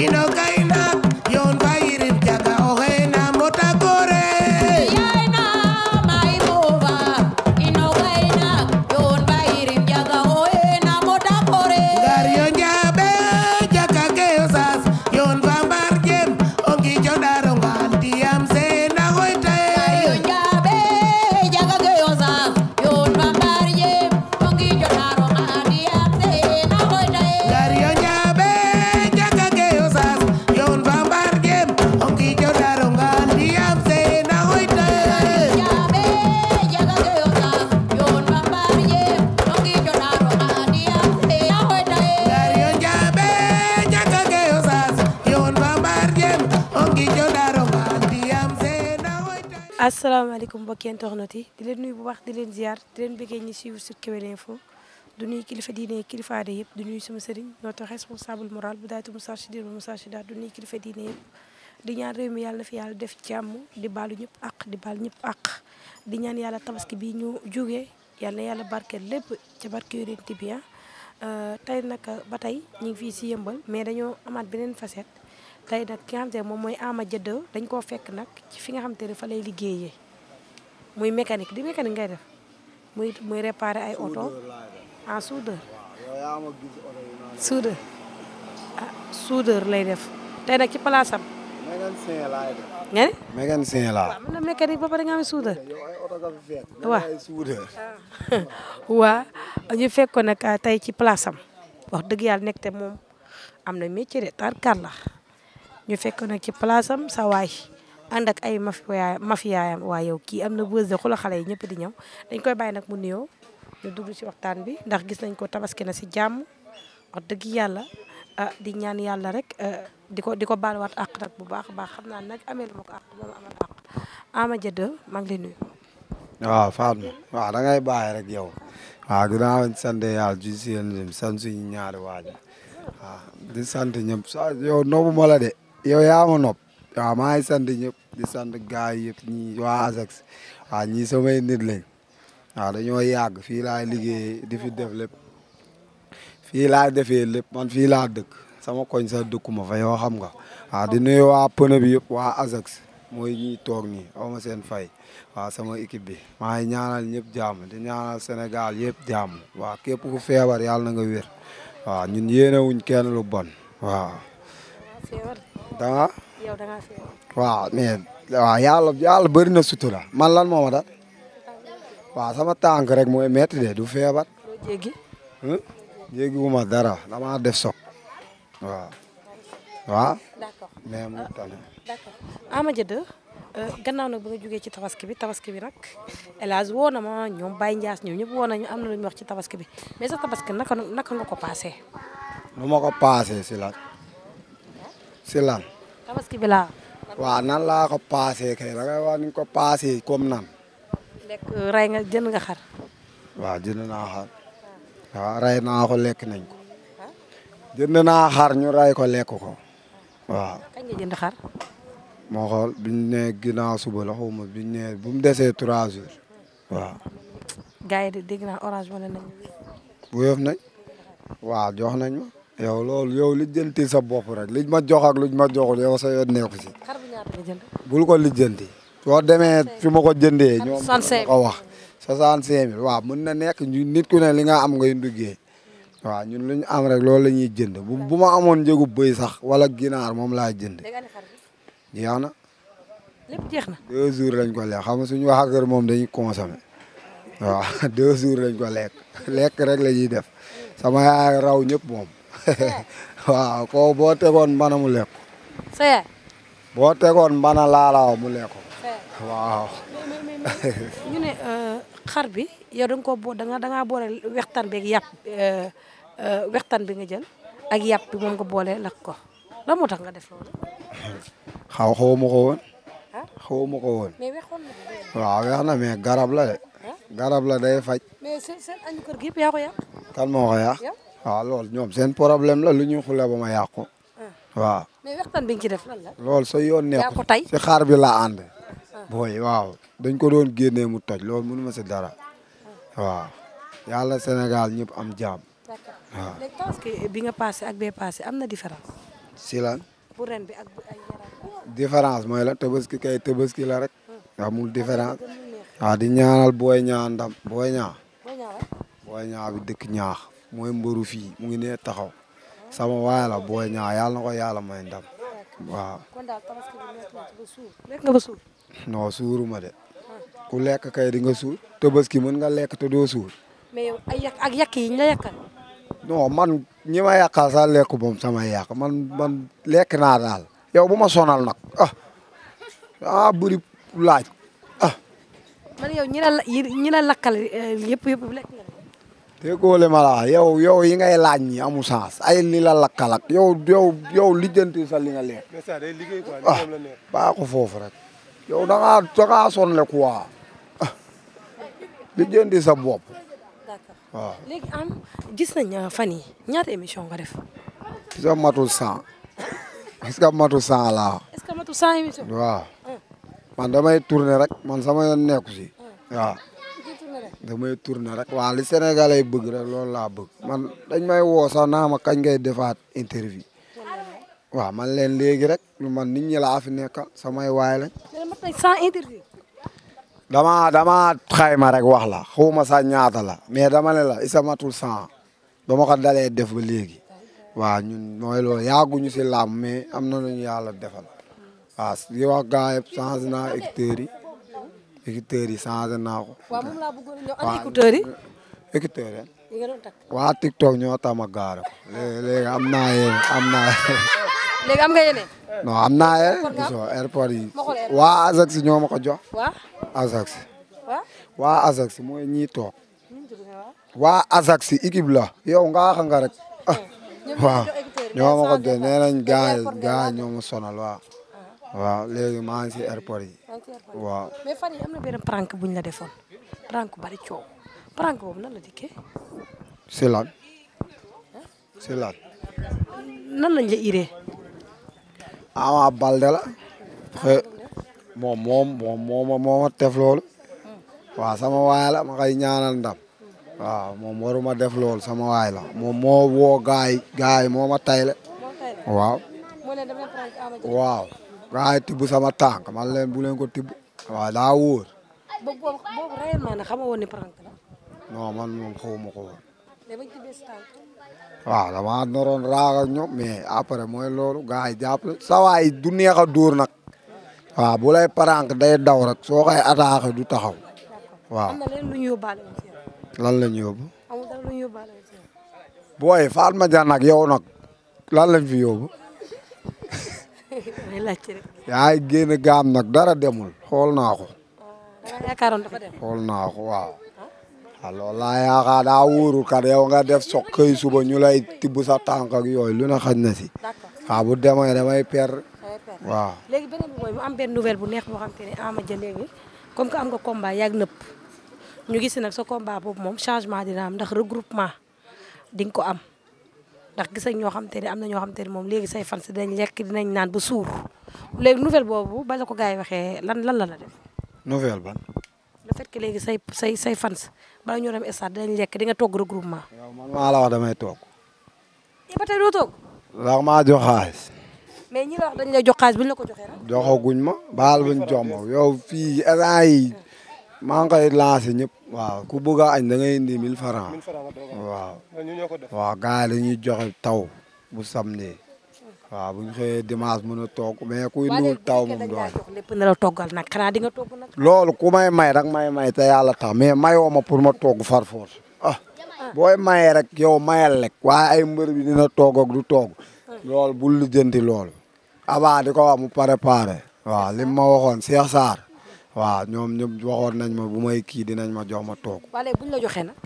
y no caí salaamaaleykum mbokki internet yi di leen nuyu bu baax di leen ziar di leen bëggee ñi suivre sur Kewel du nuyu kilifa diine kilifa yëpp du nuyu sama sëriñ notre responsable moral bu daatu Moustarchidine ba Moustarchidaty du nuyu kilifa diine yëpp di ñaan réew mi yàlla fi yàlla def jàmm di baalu ñëpp àq di baal ñëpp àq di ñaan yàlla tabaski bi ñu jógee yàlla yàlla barke lépp ca barke yorenti bi ah. euh, tey nag ba tey ñu fi si yëmbal mais dañoo amaat beneen facette tey nag ki nga xam te moom mooy Ama Dia dañ koo fekk nag ci fi nga xam te ne fa lay liggéeyee muy mécanique di mécanique ngay def muy muy réparer ay oto en soudeur ah, ah, soudeur lay def tey nag ci place am mécanicien laay def nga ne mécanicien laa waaw mën na mécanique ba pare nga soudeur waaw waa ñu fekk ko nag ah, tey ci place am wax dëgg yàlla nekk te moom am na métier de tarkalla ñu fekk ci place am sa waay ànd ak ay mafia mafiyaayam waa yow kii am na bës de xula xale yi ñëpp di ñëw dañ koy bàyyi nag mu nuyoo ñu dugg si waxtaan bi ndax gis nañ ko tabaski na si jàmm wax dëgg yàlla ah, di ñaan yàlla rek ah, di ko di ko baaluwaat àq bu baax a baax xam naa nag amee ma ko àq moom amal àq rek yow waaw ginnaaw ñu sant yàlla ju si ñaari waaj di sant ñëpp yow noobu ma la de yow yaa nopp waaw maa ngi sant ñëpp di sant gaay yëpp ñii waa ASACS waaw ñii samay nit lañ waaw dañoo yàgg fii laay liggéey difi def lépp fii laa defee lépp man fii laa dëkk sama koñ dëkku ma fa yoo xam nga waaw di nuyu waa pneu bi waa ASACS mooy ñiy toog ni aw ma seen fay waaw sama équipe bi maa ngi ñaanal ñëpp jàmm di ñaanal Sénégal yëpp jàmm waaw képp ku feebar yàlla na nga wér waaw ñun yéenewuñ kenn lu bon waaw. feebar yow da ngaa feebar. waaw mais waaw yàlla yàlla bëri na sutura man lan moo ma dal. waaw sama tànk rek mooy métti de du feebar. jéggi. jéggi wu ma dara damaa def sok waaw. waaw. d'accord mais mu tane. Ah, d'accord Ama Dia 2 euh, gannaaw nag ba nga jógee ci tabaski bi tabaski bi nag El Hadj woo na ma ñoom Baye Ndiass ñoom ñëpp woo nañu am na lu ñu wax ci tabaski bi mais sa tabaski naka naka nga ko paasee. nu ma ko paasee si lan si tabaski bi laa. waaw nan laa ko paasee kay da ngay wax ni ko paasee comme nan. lekk nga jënd nga xar. waaw jënd naa xar. waaw naa ko lekk nañ ko. jënd naa xar ñu ray ko lekk ko. waaw kañ nga jënd xar. moo xool biñ ne ginnaaw suba la xaw biñ ne bu mu trois jours waaw. gars de dégg naa orange wane nañ. bu yof nañ. waaw jox nañ ma. yow loolu yow lijjanti sa bopp rek liñ ma jox ak ma joxul yow sa yoon neeku si. xar bu ñaata jënd. bul ko lijjanti. soo demee fi ma ko jëndee. ñoom ko wax. 65000 waa mën na nekk nit ku ne li nga am ngay duggee. waaw ñun lu ñu am rek loolu la ñuy jënd bu bu ma amoon njëgu bëy sax wala ginaar moom laa jënd. jeex na. deux jours lañ ko lekk xam nga suñu wax ak moom dañuy consommé waaw deux lañ ko lekk lekk rek la ñuy def sama raw ñëpp moom. waaw ko boo tegoon mbana mu lekk. sa yaay. tegoon mbana laalaaw mu lekk. waaw. ñu euh, xar bi yow da nga koo boo da nga boole wextaan bi ak yàpp euh, euh, nga jël ak yàpp bi moom nga boole lakk ko lan moo tax nga def loolu. xaw xaw ma ko woon. xaw waaw weex na garab la de. garab la day faj. mais seen seen waaw loolu ñoom seen problème la lu ñuy xule ba ma yàqu. Ah. waaw mais waxtaan def lan sa yoon nekkul ko tey si xaar bi laa ànd. Ah. booy waaw dañ ko doon génnee mu toj loolu mënu ma si dara. Ah. waaw yàlla Sénégal ñëpp am jaam. waaw bi nga passé ak bee passé am na différence. si lan. bu bi ak bu différence mooy la tabaski kay tabaski la rek. amul différence. waaw di ñaanal booy ñaa ndam booy ñaa. booy ñaa bi dëkk ñaax. mooy mbëru fii mu ngi nee taxaw sama waay la booy ñaa yàlla na ko yàlla may ndam waaw. kon lekk nga ba ma de. ku lekk kay di nga suur tabaski mën nga lekk te doo suur. mais yow ay la yàqal. non man ñi ma yàqal sax lekk moom sama yàq man man lekk naa daal. yow bu ma sonal nag ah ah laaj ah. man yow ñi la lakkal eh, yëpp yëpp lekk nga. déggoo li ma la yow yow yi ngay laaj ñi amu sens ay li la lakkalak yow yow yow lijjanti sa leer. baa ko foofu rek yow da ngaa da ngaa sonne quoi lijjanti sa bopp. waaw léegi fan yi ñaata émission nga def. est-ce que matul cent est-ce que laa. est-ce que matul cent rek man sama yoon nekku si ah. waaw. damay tourner rek. waaw li Sénégalais yi bëgg rek loolu laa bëgg. man dañ may woo sax naa ma kañ ngay defaat interview. waaw man leen léegi rek man nit ñi laa fi nekkal samay waay lañ. dama dama xayma rek wax la xawma sa ñaata la mais dama ne la isa matul cent ba ma ko dalee def ba léegi waaw ñun mooy loolu yaaguñu si laam mais am na lu ñu yàlla defal waaw li wax gars yëpp change na hectares yi écouteurs yi changé naa ko. waaw moom laa bëggoon ñëw andi écouteurs yi. écouteurs ñoo tax ma gaare am naa yéen am naa. léegi am nga yeneen. non am naa yi. waa Ajax ñoo ma ko jox. waa Ajax. waa Ajax mooy ñii toog. waa la. yow nga xam nga rek. Eh, waaw ñoo ma ko jox nee nañ gars ñoo ma sonal waaw. Ah. waaw léegi maa ngi yi. waaw mais fan yi am na benn prank bu ñu la defoon prank bari coow prank boobu nan la dikkee. c'est lan c'est lan. nan lañ la iree. Ama Balde la. moom moom moom mooma mooma def loolu. waaw sama waay la ma koy ñaanal ndam. waaw moom waruma def loolu sama waay la moom moo woo gaay gaay mooma tayle. waaw. waaw. gaa yi tibb sama tànk man leen bu ko tibb waaw daa wóor. boobu boobu réellement nag xamoo la. ma noroon raag ak ñoom mais après mooy loolu gaa yi jàppale sa waay du neex a dóor nag. waaw bu lay prank day daw rek soo koy du taxaw. waaw am na leen lu ñu yóbbaale lan la ñu yóbbu. amul lañ fi yóbbu. yaay génn gaam nag dara demul xool naa ko. Oh, xool naa ko waaw. alors laa yaakaar daa wóorul kat yow nga def soq këy suba ñu lay tibb sa tànk ak lu na xaj na si. waaw bu demee damay per. waaw léegi beneen bi mooy mu am benn nouvelle bu neex boo xam te ne Ama Dia léegi comme que am nga combat yàgg nëpp ñu gis nag sa combat boobu moom changement dina am ndax regroupement di ko am. ndax gis nañ ñoo xam te ne am na ñoo xam te ne moom léegi say fans dinañ lekk dinañ naan ba suur léegi nouvelle boobu ba ko gars yi waxee lan lan la la def. nouvelle ban. le fait que léegi say say say fans bala ñoo dem stade dinañ lekk di nga togg regroupement. waaw man maa la wax damay toog. eh ba tey doo maa jox mais ñi la wax dañ lay jox xaalis bu ñu la ko joxee nag. joxaguñ ma baal buñ jox ma yow fii maa ngi koy lancé ñëpp waaw ku bëgg a añ da ngay indi 1000 francs waaw waaw gars yi dañuy joxe taw bu samedi waaw bu ñu xëyee dimanche mën a togg mais kuy taw moom do lépp na la toggal nag xanaa di nga togg nag loolu ku may may rek may may te yàlla tax mais mayoo ma pour ma togg far force ah booy mayee rek yow mayal rek waaye ay mbër bi dina togg ak du togg loolu bul lijjanti loolu avant di ko wax mu préparé waaw li ma waxoon waaw ñoom ñëpp waxoon nañ ma bu may kii dinañ ma jox ma toog. waaw léegi bu ñu la joxee nag.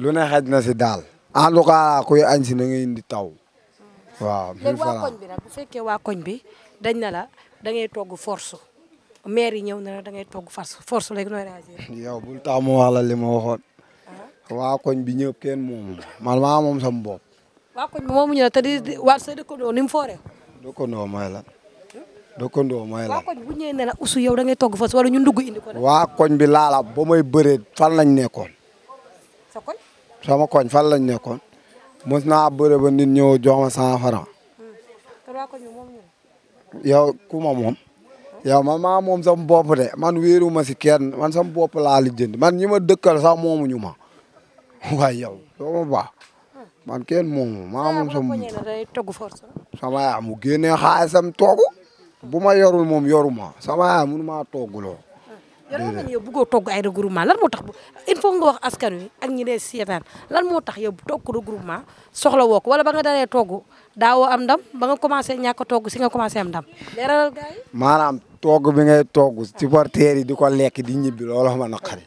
lu ne xaj na si daal. en tout cas kuy añ si na indi taw. Hmm. waaw léegi waa koñ bi bu fekkee waa koñ bi dañ na la da ngay force maire yi ñëw na la da ngay togg force force léegi nooy réagir. yow bul tax mu wax la li ma waxoon. Ah. waa koñ bi ñëpp kenn moomu man maa moom sama bopp. waa koñ bi moomuñu la te di waa sa dëkkandoo ni mu fooree. dëkkandoo mooy la. dëkkandoo mooy la. waa yow da ngay togg ñu ndugg indi ko. waa koñ bi laala ba may bëree fan lañ nekkoon. sama koñ fan lañ nekkoon mos naa bëre ba nit ñëw jox ma cent franc. Hmm. yow ku ma moom. yow man maa moom sama bopp de man wéeru ma si kenn man sama bopp laa lijjanti man ñi dëkkal sax moomuñu ma waaye yow doo ma hmm. man kenn moomu maa moom sama. sama yaa mu génnee xaalisam toogu. bu ma yorul moom yoruma sama yaay mënu maa toogaloo. déedéet yoroo yow bëggoo togg ay regroupement lan moo tax il wax askan wi ak ñi dee seetaan lan moo tax yow togg regroupement soxla woo ko wala ba nga dalee togg daawoo am dam ba nga commencé ñàkk togg si nga commencé am ndam. leeralal gars yi. maanaam togg bi ngay togg supporters yi di ko lekk di ñibbi looloo ma naqari.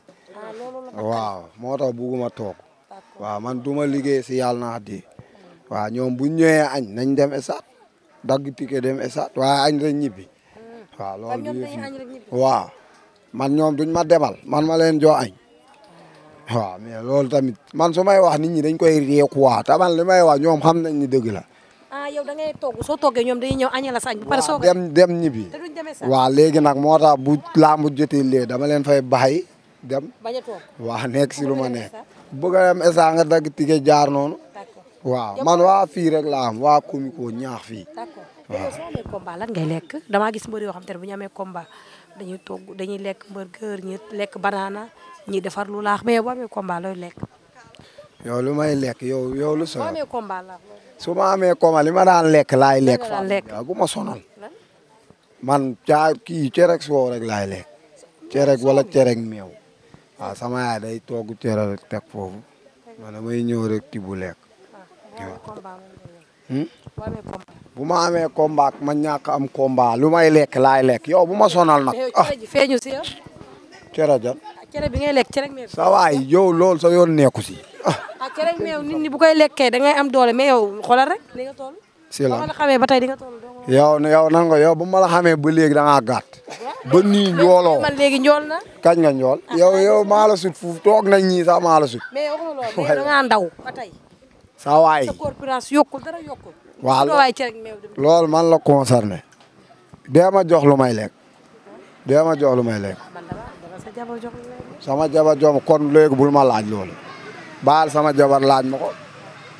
Ah, waaw moo tax bëgguma togg. waaw man du ma liggéey si yàlla na di. waaw ñoom bu ñëwee añ nañ dem stade. dagg ticket dem esat waaye añ rek ñibbi hmm. waaw lool waaw man ñoom duñ ma debal man ma leen joo hmm. waaw mais loolu tamit man su may wax nit ñi dañ koy réeku waa te man li may wax ñoom xam nañ ni dëgg la. ah yow da dem dem ñibbi. te duñ demee sax waaw léegi nag moo tax bu laamu jotee lee dama leen fa bàyyi dem. bañ a toog nekk si lu ma nekk. bëgg a dem instant nga dagg jaar noonu. waaw man waa fii rek laa am waa Comico ñaax fii. d'accord ngay lekk damaa gis mbër yoo xam te bu ñu amee combat dañuy togg dañuy lekk burger ñi lekk banana ñi defar lu laax mais boo amee combat may lekk yow yow lu. su ma amee combat ma daan lekk laay lekk. daan lekk waaw bu ma sonal. man caa kii cerek soow rek laay lekk. cerek wala cerek meew. waaw sama yaay day togg cere rek teg foofu man damay ñëw rek ti bu Hmm? bu ma amee combat ma ñàkk am komba lu may lekk laay lekk yow bu ma sonal nag. ah feeñu si yow. cere jan. Ah, bi ngay lekk cere meew. sa waay yow loolu sa yoon nekku si. ah, ah cere meew nit ñi bu koy lekkee da am doole mais yow xoolal rek li nga toll. si la ma la xamee tey di nga yow yow yow bu ma la xamee ba léegi da ngaa gàtt. ba nii njooloo kañ nga njool ah, yow yow maa sut fuuf toog nañ ñii sax sut. mais ndaw saa waay. sa corporation lool man la concerné. dee ma jox lu may lekk. dee ma jox lu may lekk. Ah, sama jabar jox kon léegi bul ma laaj loolu. baal sama jabar laaj ma ko.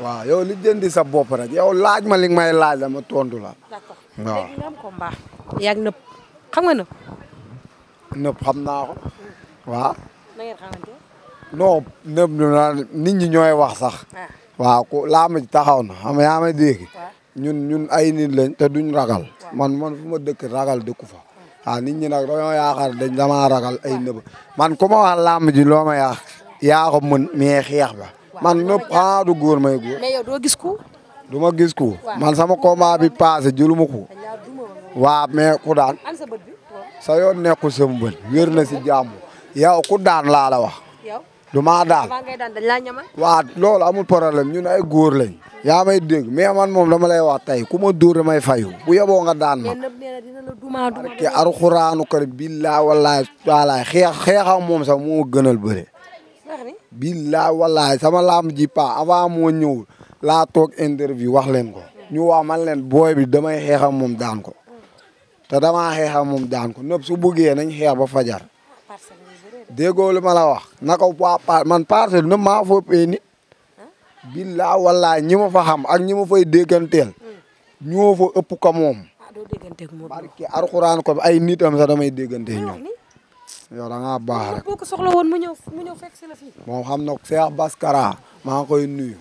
waaw yow li jëndi sa bopp rek yow laaj ma li may laaj la ma tontu la. d'accord léegi nga am yaa nëpp xam nga nëpp. naa ko. waaw. na ngeen xamante. non nëpp ñi wax sax. Ah. waaw ku làmb ji taxaw na xam yaa may dégg ñun ñun ay nit lañ duñ ragal man man fu ma dëkk ragal dëkku fa waaw nit ñi nag dañoo yaakaar dañ dama ragal ay nëb man ku ma wax làmb ji loo ma yaax yaa ko mën mais xeex ba man nëb xanaa ah, du góor may góor. mais yow doo gis ku. ma man sama combat bi paase jëluma ko waaw mais ku daan sa yoon nekkul sama bët wér na si jàmm yow ku daan laa la wax. du maa daal waaw loolu amul ñu ñun ay góor lañ yaa may dégg mais man moom dama lay wax tey ku ma dóor damay fayu bu yeboo nga daan ma barke alxuraanu kër billaa wallaay wallaay xeex xeexam moom sax moo gënal bëre billaa wallaay sama laam ji pa avant moo ñëw laa toog interview wax leen ko ñu wax mal leen booy bi damay xeexam moom daan ko te dama xeexam moom daan ko nëpp su bëggee nañ xeex ba fajar déggoo li ma wax naka waa pa man parcelle na maa foppee nit billaa wallaa ñi ma fa xam ak ñi ma fay dégganteel ëpp ka moom ah, barki arxuraan ko ay nitam sax damay déggante ñoom yow da ngaa baax rek moom xam na Cheikh Baskara maa ngi koy nuyu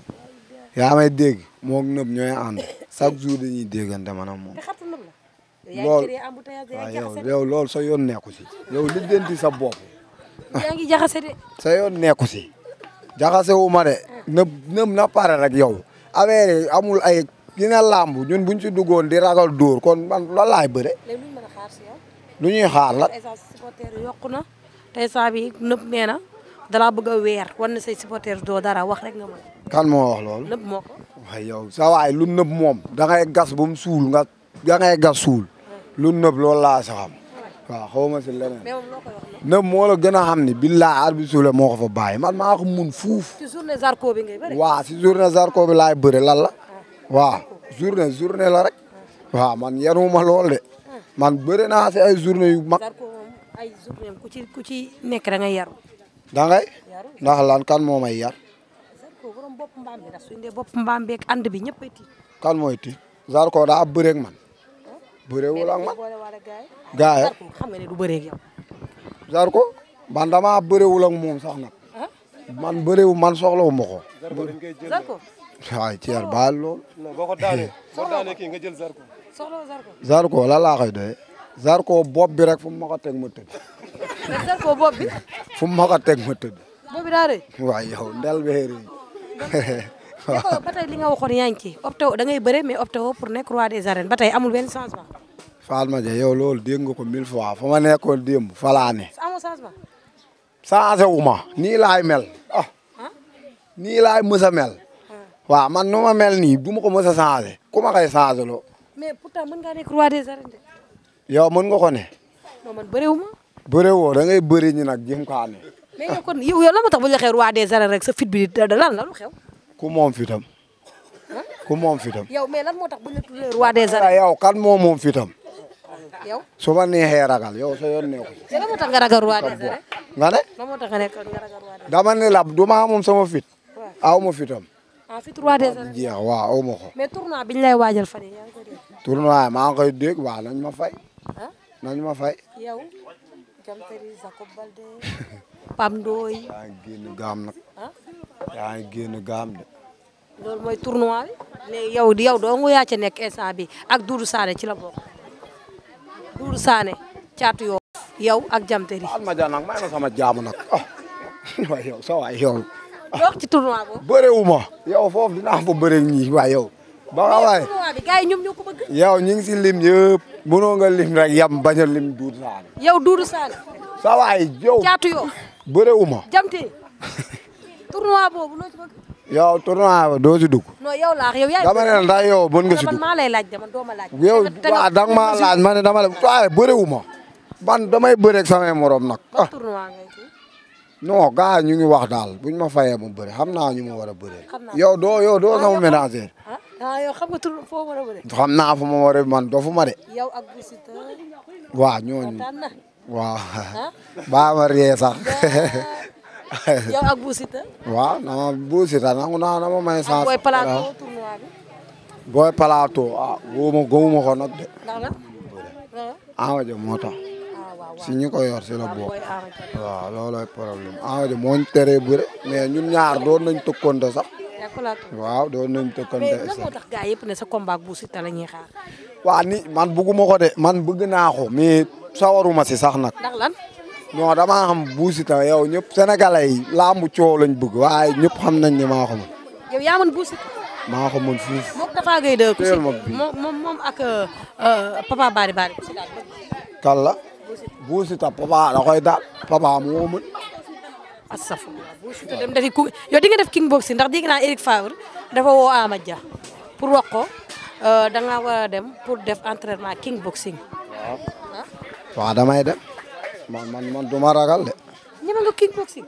yaa may dégg moom nëb ñooy ànd chaque jour dañuy déggante maanaam moom loolu waaw yow sa yoon nekku si yow lijjanti sa bopp yaa ngi sa yoon nekku si jaxase wu ma de na na pare rek yow affaire amul ay dina làmb ñun buñ si duggoon di ragal dóor kon man loolu laay bëre. lu ñuy xaar na tey saa bi nëb nee na dalaa bëgg a weer wan na say supporter doo dara wax rek nga mën. kan moo wax loolu. nëb moo ko. waaye sa waay lu nëb moom. da ngay gas ba mu suul nga da gas suul. lu nëb loolu laa sa waaw xaw ma si leneen. mais moom loo koy gën a xam ni billaa arbitre suuf la moo ko fa bàyyi man maa mun fuuf. si bi ngay bëri. waaw si journée zarko bi laay bëri lan waa waaw journée journée la rek. waaw man yaruma lool de. man bëri naa si ay journée yu mag. zarko moom ay journée ku ci nekk da ngay ndax lan kan moo may yar. zarko borom bopp mbaam bi ndax suñu dee bopp daa bëreeg man. bëreewul ak man gaa yi xam nga ne du bëree man damaa bëreewul moom sax nag man bëreewul man soxlawu ma ko. Zarko waaye Thierno baal nga jël Zarko. soxlawu Zarko. Zarko la laa koy doyee. Zarko bopp bi rek fu mu ma ko teg ma tëdd. fu mu ma ko teg ma ndel bee rëy. waaw ba tey li nga waxoon yaa ngi ci opté da ngay bëre mais opté pour nekk roi des arènes ba tey amul benn changement. Fatma ko fa ma nekkoon ne. amul changement. changé wu ma nii laay mel ah. nii laay mës a mel. Ah. waaw man nu ma mel nii bu ma ko mës a changé ku ma loo. mais pourtant mën ngaa nekk roi des yow mën nga ko ne. non man wu da ngay bëri ñu nag jëm kaa ne. mais yow kon yow la ma tax bu ñu rek sa fit bi da lan la lu ku moom fitam ku moom fitam yow mais lan moo tax bu ñu la tuddee roi des arènes ah, yow kan moom fitam yow su ma neexee ragal yow sa yoon neexu si. ne. lan moo tax nga nekk nga ragal roi des du ma moom sama fit. aw ma fitam. ah fit roi des arènes aw ma ko. mais tournoi bi ñu lay waajal fan ma fay. nañ ma fay. yow. Jamteri Jacob Balde. Pam Ndoye. yaa ngi génn gaam nag. yaa ngi génn de. loolu mooy tournoi bi léegi yow yow dong yaa ca nekk instant bi ak Doudou Sané ci la bokk Doudou Sané caatu yoo yow ak jamteri al ma jaa nag ma sama jaamu nag ah waay ñu ngi si lim yëpp mënoo lim rek yam bañ a lim Doudou Sané yow Doudou Sané caatu yoo bëreewuma jamteri tournoi boobu loo ci yow tournoi ba doo dama ne la ndax yow mën nga si dugg man maa maa laaj ma ne dama la waaye bërewu ma. man damay bëreeg samay morom nag. ah tournoi ngay ñu ngi wax daal buñ ma fayee mu bëri xam naa ñu ma war a bëree. yow doo yow doo ah, sama ah, ah, naa fu ma war a man dofu de. yow ak Boussita. waaw ñooñu waaw. yow ak Bou waaw naa Bou Siteu nangu naa na ma may. sans booy plateau tournoi bi. ko nag de. Ama Dia moo tax. Ah, si ñu ko yor si la bokk. waaw loolooy problème Ama Dia moo ñu teree bëre ñun ñaar doon nañ tëkkonte sax. waaw doon na tëkkonte. mais lan moo tax gars yëpp waa ni man bëgguma ko de man bëgg naa ko mais sawaruma si sax nag. non damaa xam Bou Siteu yow ñëpp sénégalais yi làmb coow lañ bëgg waaye ñëpp xam nañ ne maa ko mën. yow yaa mën Bou Siteu. maa ko fuuf. moom Tafa Gueye de ku si euh, euh, daal papa moo mën. asafu yow di def king boxing ndax dégg naa Eric Favre dafa woo Ama Dia pour wax ko euh, da dem pour def entraînement king boxing. waaw waaw dem. man man man du ragal de. ñeme nga kickboxing.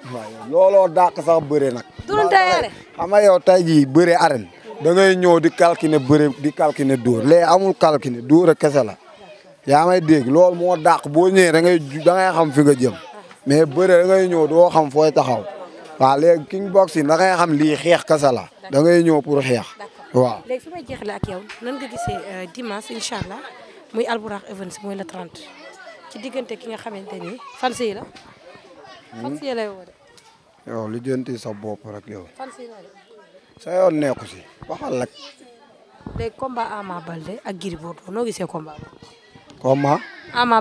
looloo dàq sax bëre nag. doon tayaare xam nga yow tey jii bëre arène. da ngay ñëw di calculer bëre di calculer dóor lee amul calculer dóor ak kese la. yaa may dégg loolu moo dàq boo ñëwee da ngay da ngay xam fi nga jëm. mais bëre da ngay ñëw doo xam fooy taxaw. waaw léegi kickboxing da ngay xam lii xeex kese la. da ngay ñëw pour xeex. waaw ci ki nga xamante ni fans yi la. fans yi lay woo de. yow li sa bopp rek yow. fans de. sa Ama Baldé ak Gris Bordeaux noo gisee Ama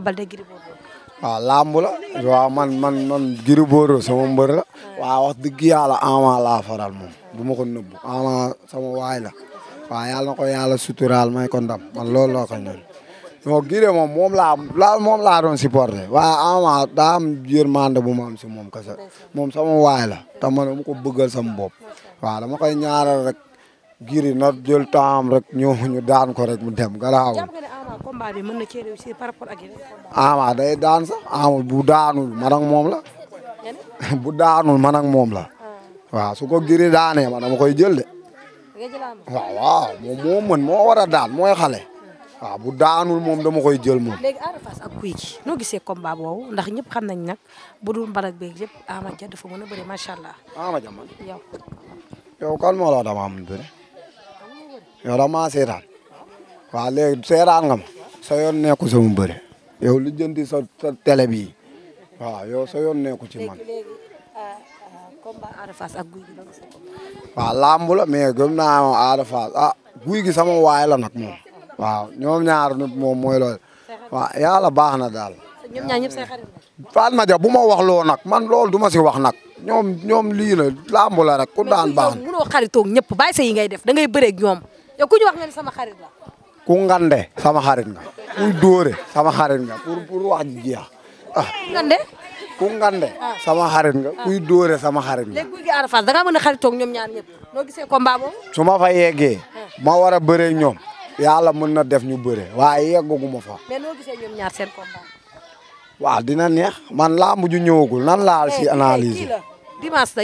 Baldé Gris Bordeaux. waaw làmb la waaw man man man Gris Bordeaux la. yàlla Ama laa faral moom du ma ko Ama sama waay la. waaw yàlla na ko yàlla suturaal may ko ndam man loolu laa non Guiré moom moom laa la moom laa doon supporté waaye Ama daa am yërmande bu ma si moom kese moom sama waay la te man dama ko bëggal sama bopp waaw dama koy ñaaral rek Guiré na jël temps rek ñëw ñu daan ko rek mu dem garaawul. combat bi mën na cee réussir Ama day daan sax Ama bu daanul man moom la bu daanul man moom la ah. waaw su ko Guiré daanee ma dama koy jël de. waaw waaw moom mën moo war a daan mooy xale. waaw ah, bu daanul moom dama koy jël moom. léegi Ada Fass ak Gouye ndax ñëpp xam nañ nag bu du mbalag beeg lépp Ama Dia dafa mën a bëri macha allah. Ama yow. yow kan moo la wax dama am bëri yow dama seetaan waaw léegi seetaan nga ma sa yoon nekku sama bëri yow li jënti sa sa télé bii waaw yow sa yoon nekku ci man. Ah, ah, combat Ada Fass ak Gouye Gui waaw lamb la sama waay la nag moom. waaw ñoom ñaar ñëpp moom mooy loolu. waaw yàlla baax na daal. ñoom ñaar ñëpp say xarit bu ma wax loo nag man lool du ma si wax nag ñoom ñoom lii la làmb la rek ku daan baax na. mais mënoo xaritoog ñëpp bàyyi sa yi ngay def da ngay bëree ak ñoom yow ku ñu wax sama xarit la. ku ngande sama xarit nga kuy dóore sama xarit nga wax ji jeex ah. ngande. ku ah. sama xarit nga ah. kuy dóore sama xarit nga. léegi a ma fa yeggee ah. ma war a ñoom. yàlla mën na def ñu bëre waaye yeggaguma fa. mais waaw dina neex man làmb ju ñëwagul nan laal si eh, eh, analyse.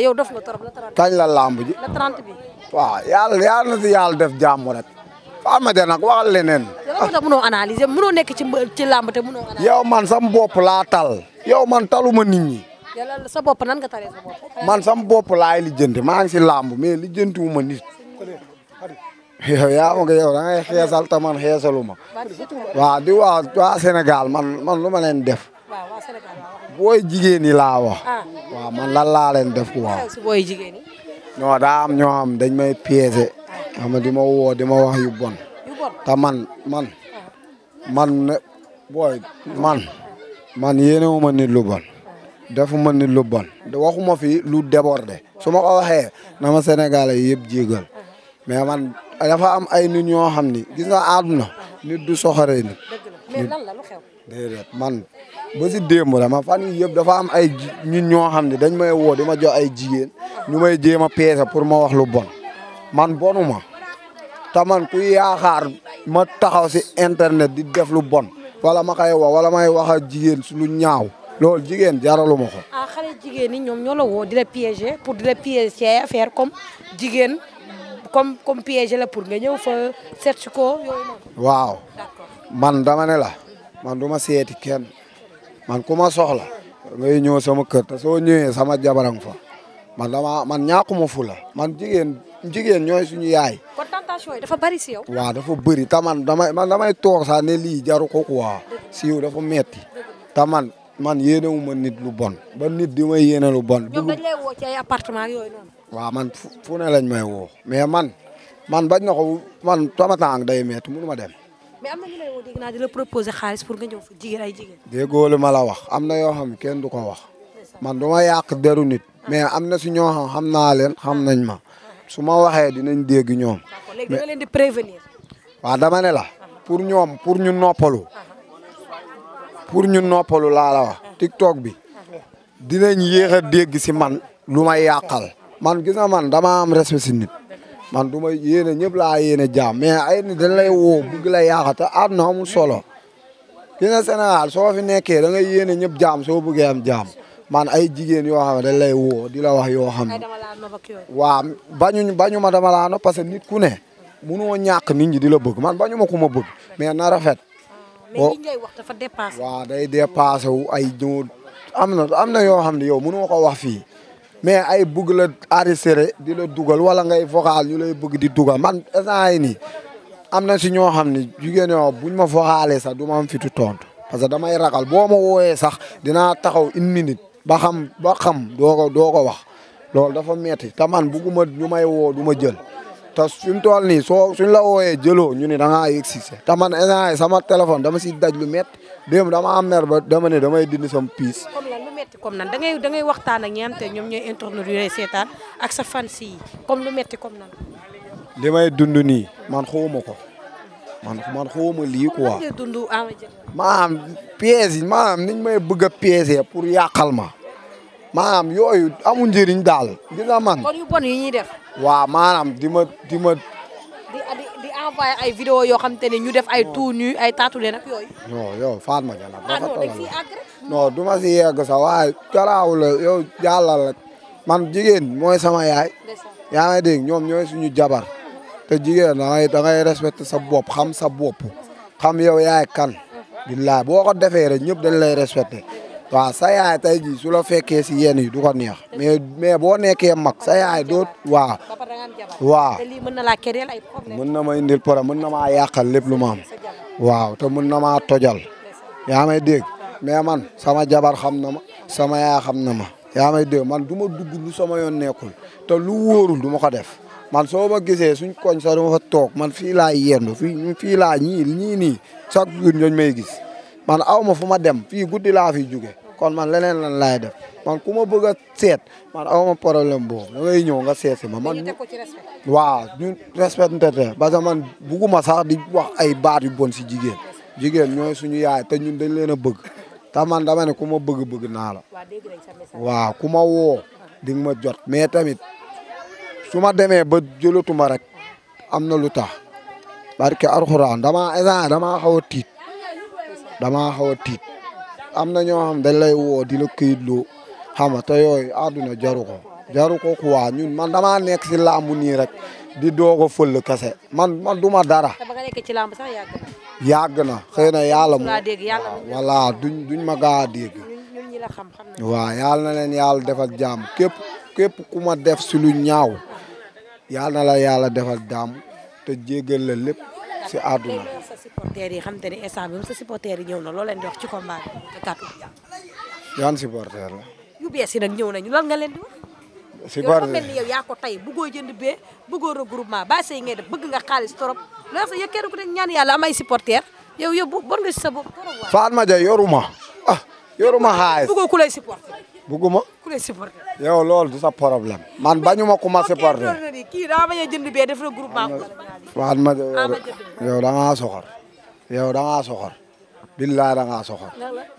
yow def nga la kañ la làmb ji la 30 na si yàlla def jàmm rek. Fama de nag waxal leneen. dama la mënoo analyser nekk ci ci làmb te mënoo analyser. yow man sam bopp laa tal. yow man taluma nit ñi. yàlla sa bopp sam bopp laay lijjanti maa ngi si làmb mais lijjantiwuma nit. yow yaa ma ko yow da ngay xeesal te man xeesalu ma waaw di waa waa man man lu ma leen def booy jigéen yi laa wax ah. waaw man lan laa leen def ku waaw daa am ñoo xam dañ may piéger xam nga di ma woo di ma wax yu bon te man man ah. man ne booy man man yéenewuma nit lu bon defuma nit lu bon waxuma fi lu débordé su ma ko waxee na ma Sénégalais yëpp jégal ah. mais man a dafa am ay nit ñoo xam ni gis nga àdduna nit du soxoree nit. mais man ba si démb la ma fan yii yëpp dafa am ay nit ñoo xam ne dañ ma woo di ma jox ay jigéen ñu may jéem a peese pour ma wax lu bon man bonu ma te man ku yaakaar ma taxaw si internet di def lu bon wala ma koy wax wala may wax ak jigéen su ñaaw loolu jigéen jaralu ma ko. ah xale jigéen ñoom ñoo la woo di la piéger pour di la piéger affaire kom jigéen. comme comme piège la pour nga ñëw fa seet ko waaw man damane la man du ma seeti kenn man ku ma soxla ngay ñëw sama kër te soo ñëwee sama jabarang fa man dama man ñaakuma fu la man jigéen jigéen ñooy suñu yaay. kon tentation yi dafa bëri si waaw dafa bëri te man damay man damay toog sax ne lii jaru ko quoi siiw dafa metti te man man yéenewuma nit lu bon ba nit di may yéene lu bon. ñoom waaw man fu ne lañ may woo mais man man bañ na ko man sama day métti mënu ma dem. mais am na xaalis pour nga ñëw jigéen ay jigéen. ma la wax am na yoo xam kenn du ko wax man du ma yàq deru nit mais am na si ñoo xam xam naa leen xam nañ ma su ma waxee dinañ dégg ñoom. d'accord léegi waaw dama ne la pour ñoom pour ñun noppalu pour ñu noppalu laa la wax TikTok bi dinañ yéex a dégg si man lu ma yàqal. man gis nga man damaa am respect si nit man du ma yéene ñëpp laa yéene jaam mais ay nit dañ lay woo bëgg la yaaxa te àdduna amul solo gis nga soo fi nekkee da ngay yéene ñëpp jaam soo bëggee am jaam man ay jigéen yoo xam ne dañ lay woo di la wax yoo xam ne waaw bañuñ bañu ma dama laa no parce que nit ku ne mënoo ñàkk nit ñi di la bëgg man bañu ma ku ma bëgg mais na rafet ah, mais li ngay wax day dépassé wu ay ñoo am na am na yoo xam ne yow mënoo ko wax fii mais ay bëgg la enregistrer di la dugal wala ngay vocal ñu lay bëgg di dugal man instant yi nii am na si ñoo xam ne jigéen yoo buñ ma vocalé sax du ma am fitu tontu parce que damay ragal boo ma wooyee sax dinaa taxaw une minute ba xam ba xam doo ko doo ko wax loolu dafa metti te man bugguma ñu may woo du ma jël te fi mu toll nii soo suñ la wooyee jëloo ñu ni da ngaa yegg si te man instant sama téléphone dama si daj lu métti démb dama am mer ba dama ne damay dindi sam piis. comme waxtaan ak ñeente ñoom seetaan ak sa fans yi comme lu metti comme dund nii man xawma ko man man lii quoi. maanaam pièces yi niñ may bëgg a piéger pour yàqal ma maam yooyu amul njëriñ daal. dina man kon yu maanaam di ma di ma. envoyé ay vidéo yoo xam ne ñu def ay tout nu ay taatu leen ak yooyu. faat ma jëlaat. ah non dañ du ma si yegg sax waaye garaaw la yow jàllal rek man jigéen mooy sama yaay. yaa ngi dégg ñoom ñooy suñu jabar. te jigéen da ngay da ngay respecté sa bopp xam sa bopp xam yow yaay kan. billaay boo ko defee rek ñëpp dañ lay respecté. waaw sa yaay tey jii su la fekkee si yenn yi du ko neex mais mais boo nekkee mag sa yaay doot waaw waaw mën na ma indil problème mën na ma yàqal lépp lu ma am waaw te mën na maa tojal yaa may dégg mais man sama jabar xam na ma sama yaa xam na ma yaa may dégg man du ma dugg lu sama yoon nekkul te lu wóorul du ma ko def man soo ma gisee suñ koñ sax du fa toog man fii laa yendu fii fii laa ñii ñii nii chaque jour ñooñu may gis man awma fu ma dem fii guddi laa fi jóge kon man leneen lan laay def man ku ma bëgg a seet man awma problème boobu da ngay ñëw nga seet si ma man. waaw ñu respecté te ba que man bugguma sax di wax ay baat yu bon si jigéen jigéen ñooy suñu yaay te ñun dañ leen a bëgg te ne ku ma bëgg bëgg naa la. waaw ku ma woo di ma jot mais tamit su ma demee ba jëlatuma rek am na lu tax barke alxuraan damaa damaa xaw a tiit dama xaw a tiit. am na ñoo xam dañ lay woo di la këyitloo xam nga te yooyu àdduna jaru ko jaru ko quoi ñun man damaa nekk si làmb nii rek di doog a fël kese man man dara. te ba nga nekk ci làmb na. xëy na yàlla moom duñ duñ ma gaa dégg. waaw yàlla na leen yàlla defal jàmm képp képp ku ma def si lu ñaaw yàlla na la yàlla defal jàmm te jéggal la lépp. si àdduna. sa supporter yi xam te ne instant bi sa supporter yi ñëw na loo leen di wax ci combat bi kàddu. yan supporter la. yu bees yi lan nga leen di wax. supporter yow mel ni yow yaa ko tey bëggoo jënd bee bëggoo regroupement ba sey ngay def bëgg nga xaalis trop loolu sax yow kenn ku ne ñaan yàlla am ay supporter yow yow bon nga si sa bopp. Fatma Dia yoruma ah yoruma xaalis bëggoo ku lay supporter. bëgguma. ngay supporté. yow loolu du sa problème. man bañu ma ku ma supporté. kii daa bañ a jënd bee def na groupement. waaw ma yow da ngaa soxor. yow da ngaa soxor.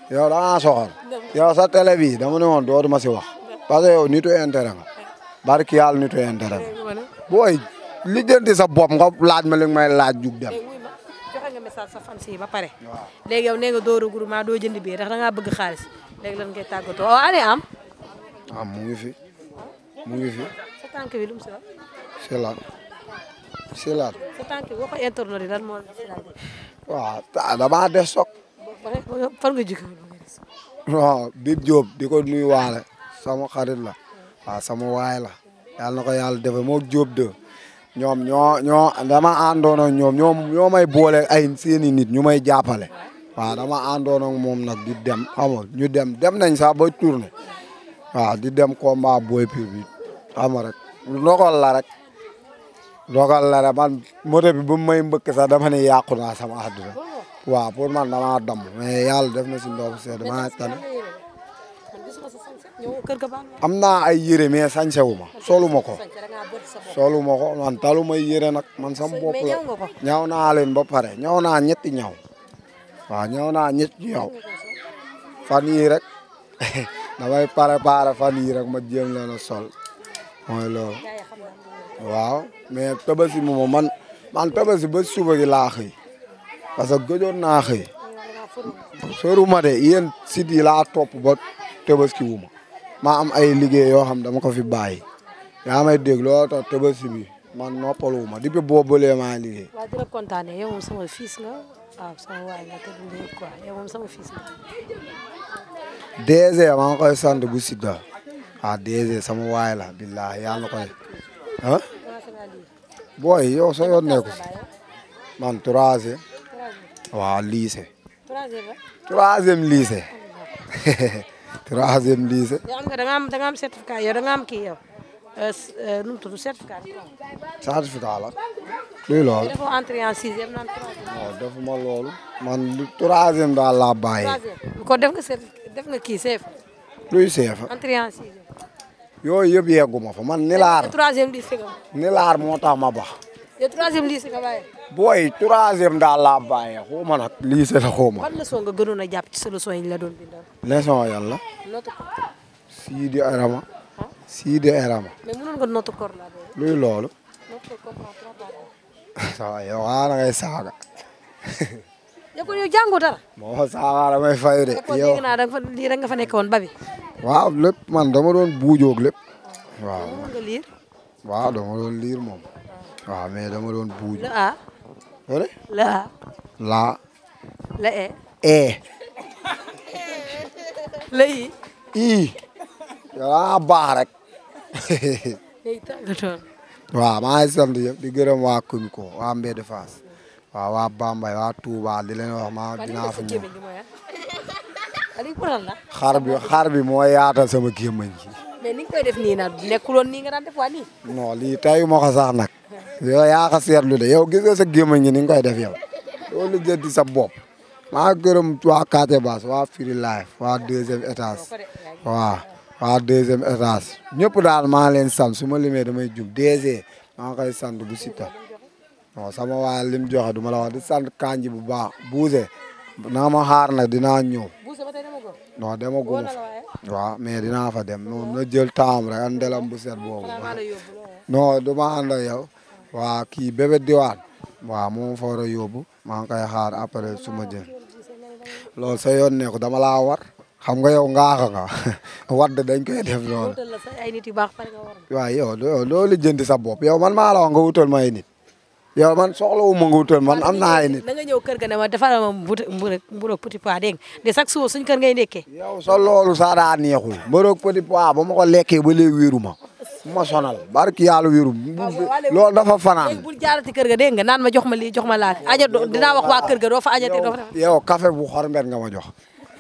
da ngaa sa télé bi ne woon dootuma si wax. parce que yow nitu intérêt nga. barki yàlla nitu intérêt nga. booy lijjanti sa bopp nga laaj ma li may laaj jug dem. sa nga dooru groupement doo jënd bi ndax da ngaa Ah, mu ngi fi mu ngi fi. sa tànk bi damaa des Bib Diop di ko nuyu waale sama xarit la waaw sama waay la yàlla na ko yàlla moo Diop de ñoom ñoo ñoo dama àndoon ak ñoom ñoo may boole ay seeni nit ñu may jàppale waaw dama àndoon moom nag di dem xam ñu dem dem nañ sax ba tourné waaw di dem combat booy pir bi xam larek ndogal la rek man moto bi bu may mbëkk sax dama ne yàqu naa sama àdduna waaw pour man damaa damm mais yàlla def na si ndox seet damaa tane am na ay yére mais sañse wu ma solu ma ko solu ma ko man talu may yére nag man sam bopp la ñaw naa leen ba pare ñaw naa ñetti ñaw waaw ñaw naa ñetti ñaw fan yii damay préparer fan yii rek ma jéem leen a sol mooy loolu waaw mais tabaski moom man man ba suba gi laa xëy parce que gëjoon naa xëy sëruma de yéen sit yi laa topp ba tabaski wu ma am ay liggéey yoo xam dama ko fi bàyyi yaa may dégg looloo tax tabaski bi man noppalu ma depuis boo bëlee maa liggéey. DG maa ngi koy sant bu Siteu ah DG sama waay la billahi yàlla koy ah booy yow soo yoon nekku si man troisième waaw lycée troisième lycée troisième lycée. yoo xam nga nga am certificat yow da kii yow euh, euh, nu mu certificat. certificat la. luy loolu dafa entré en sixième naan troisième. waaw defuma loolu. lu troisième def nga def nga kii CFA. luy CFA. entré en sixième. yooyu fa man nilaar. troisième moo tax ma bax. yow troisième lycée nga booy troisième daal laa bàyyi xaw ma nag. la xaw ma. ban leçon nga gënoon a jàpp ci sa leçon yi ñu la doon bindal. la. note ko. Sidi loolu. saa waay yow xanaa da ngay saaga. yow kon dara. moo saaga damay fayu de. yow kon nga fa lii rek nga fa nekkoon ba bi. waaw lépp man dama doon buujoog lépp. waaw dama doon liir. moom. waaw mais dama doon buuj. la a. la la. la e. e. la i. rek. waaw maa ngi sant yëpp di gërëm waa Comico waa Mbédé Fass waaw waa Bambey waa Touba di leen wax ma dinaa ah? bi xar bi moo yaatal sama gémmañ gi ni nga koy def nii nag nekkuloon nii nga daan def waa nii non lii tey ma ko sax yaa ko seetlu de yow gis nga sa gémmañ gi ni nga koy def yow loolu jëndi maa gërëm waa Kaate Baas waa Firi Life waa deuxième étage waaw waa deuxième étage ñëpp daal maa leen sant su ma limee damay jub DG maa ngi koy sant bu Siteu sama waa lim joxe du ma la wax di sant kanji bu baax buuse naa ma xaar nag dinaa ñëw non dama guma fa waaw mais dinaa fa dem non na jël taam bu set boobu non du ma ànd waa kii bébé diwaan waaw moom fa war maa ngi koy xaar après su ma sa yoon ne ko dama laa war xam nga yow ngaaxa nga wadd dañ koy def noonu. waaw yow loolu jëndi sa bopp yow man maa la wax nga wutal ma ay nit. yow man soxla wu ma nga wutal man am naa ay nit. da nga ñëw kër ga ne ma defal ma mburoog petit pois dégg nga de chaque jour suñ kër ngay nekkee. yow sa lool saa daa neexul. mburoog petit pois ba ma ko lekkee ba léegi wéeru ma. ma sonal barki yàlla wéeru loolu dafa fanaan bul jaarati kër ga dégg nga naan ma jox ma lii jox ma laa aja dinaa wax waa kër ga doo fa ajate doo fa yow café jox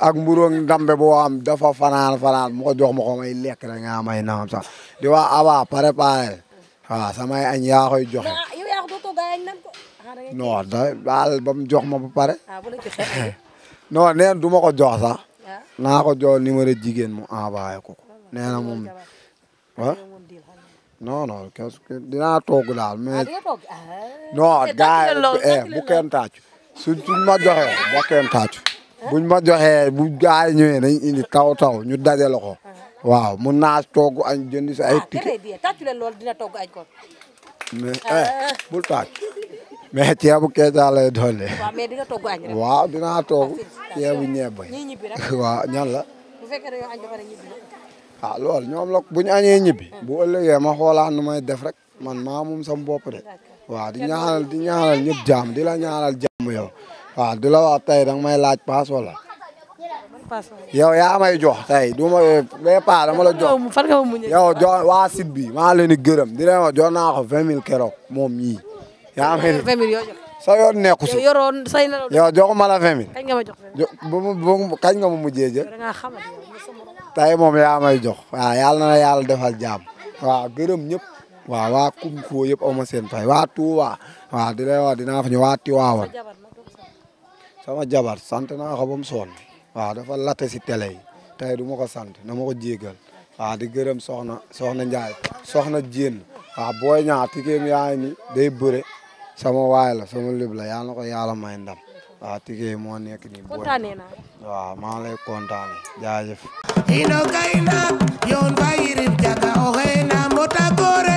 ak mburoog ndambe boo am dafa fanaan fanaan mu ko jox ma ko may lekk nga may naam sax di waa Aba préparé waaw samay añ yaa koy joxe. Ah, ah, non da daal ba mu jox ma ba pare. Ah, non neen du ma ko jox sax. naa ko jox numéro jigéen mu envoyé ko ko nee na moom ah non non quest daal mais non gars eh, bu kenn tàcc suñ ma joxee ba kenn tàcc buñ ma joxe bu gaa yi ñëwee nañ indi taw taw ñu dajale ko. waaw mun naa togg añ jënd si ay. Ah, ticket tàccu leen loolu dina togg añ ko. mais ah. eh bul tàcc mais ceebu Keita lay doole. waaw mais dinga togg dinaa ah, togg ceebu ñebe. ñii ñan la. bu fekkee ne yow añ ba ñibbi loolu ñoom la bu ñu añee ñibbi. bu ëllëgee ma xoolaat nu may def rek man maa moom sam bopp de. waaw di ñaanal di ñaanal ñëpp jaam di la ñaanal jaam yow. waaw di la wax tey danga may laaj paas wala. yow yaa may jox tey du ma bee paa dama la jox yow jox waa sit bi maa leen di gërëm di leen wax jox naa ko vingt mille keroog moom yii. yaa may sa yoon nekku si yow joxuma la vingt mille. kañ nga ma mujjee jë. tey moom yaa may jox waaw yàlla na la yàlla defal jàmm waaw gërëm ñëpp. waaw waa kum foo yëpp aw ma seen fay waa Touba waaw di leen wax dinaa fa ñëw waa Tiwaawan sama jabar sant naa ko ba mu sonn waaw dafa latte si télé yi du ma ko sant na ma ko jéggal waaw di gërëm soxna soxna Ndiaye soxna Dieng waaw booy ñaar tikeem yaa ngi ni day bëre sama waay la sama léb la yàlla na ko yàlla may ndam waaw tikeem moo nekk nii. kontaanee naa waaw maa ngi lay kontaane jaajëf.